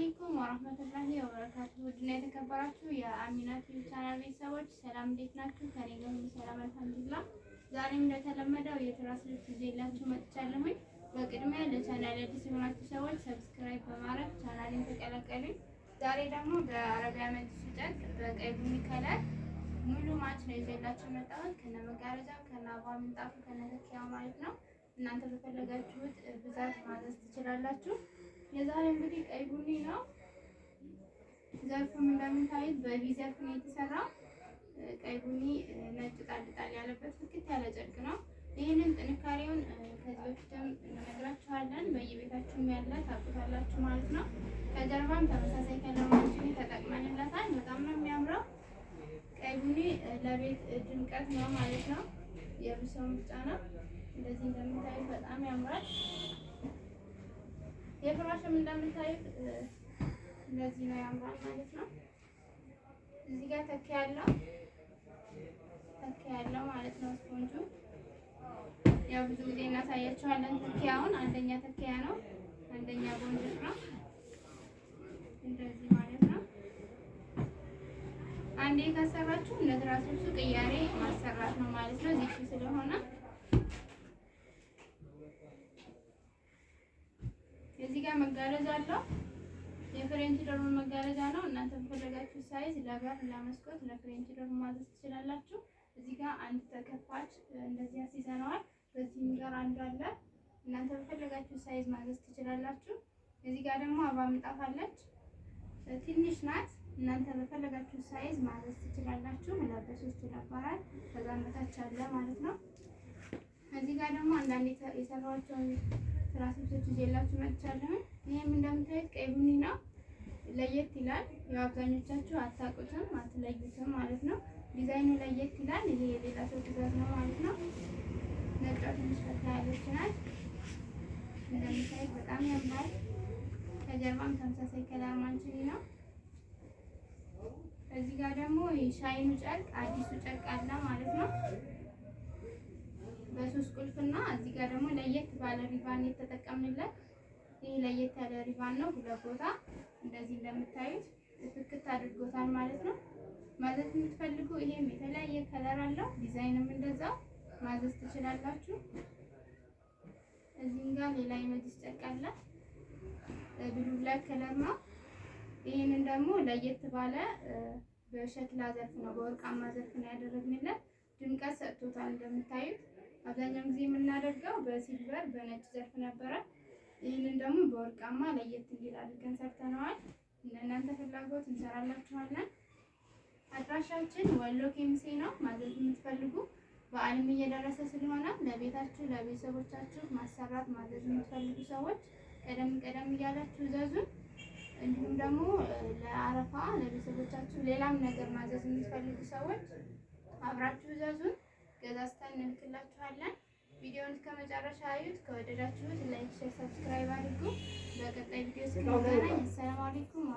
አለይኩም ወራህመቱላሂ ወበረካቱ። ውድና የተከበራችሁ የአሚናት ቻናል ቤተሰቦች ሰላም፣ እንዴት ናችሁ? ከኔ ጋር ሁሉ ሰላም አልሐምዱሊላህ። ዛሬም እንደተለመደው የትራስ ልብስ ይዤላችሁ መጥቻለሁኝ። በቅድሚያ ለቻናል አዲስ የሆናችሁ ሰዎች ሰብስክራይብ በማድረግ ቻናሌን ተቀላቀሉኝ። ዛሬ ደግሞ በአረቢያ መጅሊስ ጨርቅ በቀይ ቡኒ ከለር ሙሉ ማች ነው ይዤላችሁ መጣሁት ከነ መጋረጃው ከነ አበባ ምንጣፉ ከነ ተኪያው ማለት ነው። እናንተ በፈለጋችሁት ብዛት ማዘዝ ትችላላችሁ። የዛሬ እንግዲህ ቀይ ቡኒ ነው። ዘርፉም እንደምታዩት በቪ ዘርፍ ነው የተሰራ። ቀይ ቡኒ ነጭ ጣልጣል ያለበት ፍክት ያለ ጨርቅ ነው። ይህንን ጥንካሬውን ከዚህ በፊትም እነግራችኋለን። በየቤታችሁም ያለ ታውቁታላችሁ ማለት ነው። ከጀርባም ተመሳሳይ ከለማችን ተጠቅመንለታል። በጣም ነው የሚያምረው። ቀይ ቡኒ ለቤት ድምቀት ነው ማለት ነው። የብሶም ጫና እንደዚህ እንደምታዩት በጣም ያምራል። የፍራሽም እንደምታዩት እንደዚህ ነው ያምራል ማለት ነው። እዚህ ጋር ተካ ያለው ተካ ያለው ማለት ነው ስፖንጁ ያው ብዙ ጊዜ እናሳያቸዋለን። ትኪያውን አንደኛ ትኪያ ነው፣ አንደኛ ቦንድር ነው እንደዚህ ማለት በአንዴ ካሰራችሁ ለትራስ ልብሱ ቅያሬ ማሰራት ነው ማለት ነው። ዚቹ ስለሆነ እዚህ ጋር መጋረጃ አለው። የፍሬንች ዶርም መጋረጃ ነው። እናንተ በፈለጋችሁ ሳይዝ ለበር፣ ለመስኮት፣ ለፍሬንች ዶርም ማዘዝ ትችላላችሁ። እዚህ ጋር አንድ ተከፋች እንደዚህ አስይዘነዋል። በዚህም ጋር አንዱ አለ። እናንተ በፈለጋችሁ ሳይዝ ማዘዝ ትችላላችሁ። እዚህ ጋር ደግሞ አባ ምጣፍ አለች። ትንሽ ናት። እናንተ በፈለጋችሁ ሳይዝ ማዘዝ ትችላላችሁ። መላበስ ውስጥ ከዛም በታች አለ ማለት ነው። እዚህ ጋር ደግሞ አንዳንድ የሰራኋቸውን ትራሶች ይዤላችሁ መጥቻለሁ። ይህም እንደምታዩት ቀይ ቡኒ ነው፣ ለየት ይላል። ያው አብዛኞቻችሁ አታውቁትም አትለዩትም ማለት ነው። ዲዛይኑ ለየት ይላል። ይሄ የሌላ ሰው ትእዛዝ ነው ማለት ነው። ነጫ ትንሽ ፈታ ያለች ናት። እንደምታዩት በጣም ያምራል። ከጀርባም ተመሳሳይ ከለር ማንችል ነው እዚህ ጋር ደግሞ የሻይኑ ጨርቅ አዲሱ ጨርቅ አለ ማለት ነው። በሶስት ቁልፍና እዚህ ጋር ደግሞ ለየት ባለ ሪቫን የተጠቀምንለት ይህ ለየት ያለ ሪቫን ነው። ሁለት ቦታ እንደዚህ እንደምታዩት ትክክት አድርጎታል ማለት ነው። ማዘዝ የምትፈልጉ ይሄም የተለያየ ከለር አለው፣ ዲዛይንም እንደዛው ማዘዝ ትችላላችሁ። እዚህም ጋር ሌላ የመጅስ ጨርቅ አለ፣ ብሉ ብላክ ከለር ነው። ይህንን ደግሞ ለየት ባለ በሸክላ ዘርፍ ነው በወርቃማ ዘርፍ ነው ያደረግንለት። ድምቀት ሰጥቶታል። እንደምታዩት አብዛኛውን ጊዜ የምናደርገው በሲልቨር በነጭ ዘርፍ ነበረ። ይህንን ደግሞ በወርቃማ ለየት እንዲል አድርገን ሰርተነዋል። እናንተ ፍላጎት እንሰራላችኋለን። አድራሻችን ወሎ ኬሚሴ ነው። ማዘዝ የምትፈልጉ በዓልም እየደረሰ ስለሆነ ለቤታችሁ ለቤተሰቦቻችሁ ማሰራት ማዘዝ የምትፈልጉ ሰዎች ቀደም ቀደም እያላችሁ ዘዙን። እንዲሁም ደግሞ ለአረፋ ለቤተሰቦቻችሁ ሌላም ነገር ማዘዝ የምትፈልጉ ሰዎች አብራችሁ እዘዙን፣ ገዛዝተን እንልክላችኋለን። ቪዲዮውን መጨረሻ አዩት። ከወደዳችሁት ላይክ፣ ሼር፣ ሰብስክራይብ አድርጉ። በቀጣይ ቪዲዮ እስከምንገናኝ አሰላሙ አለይኩም።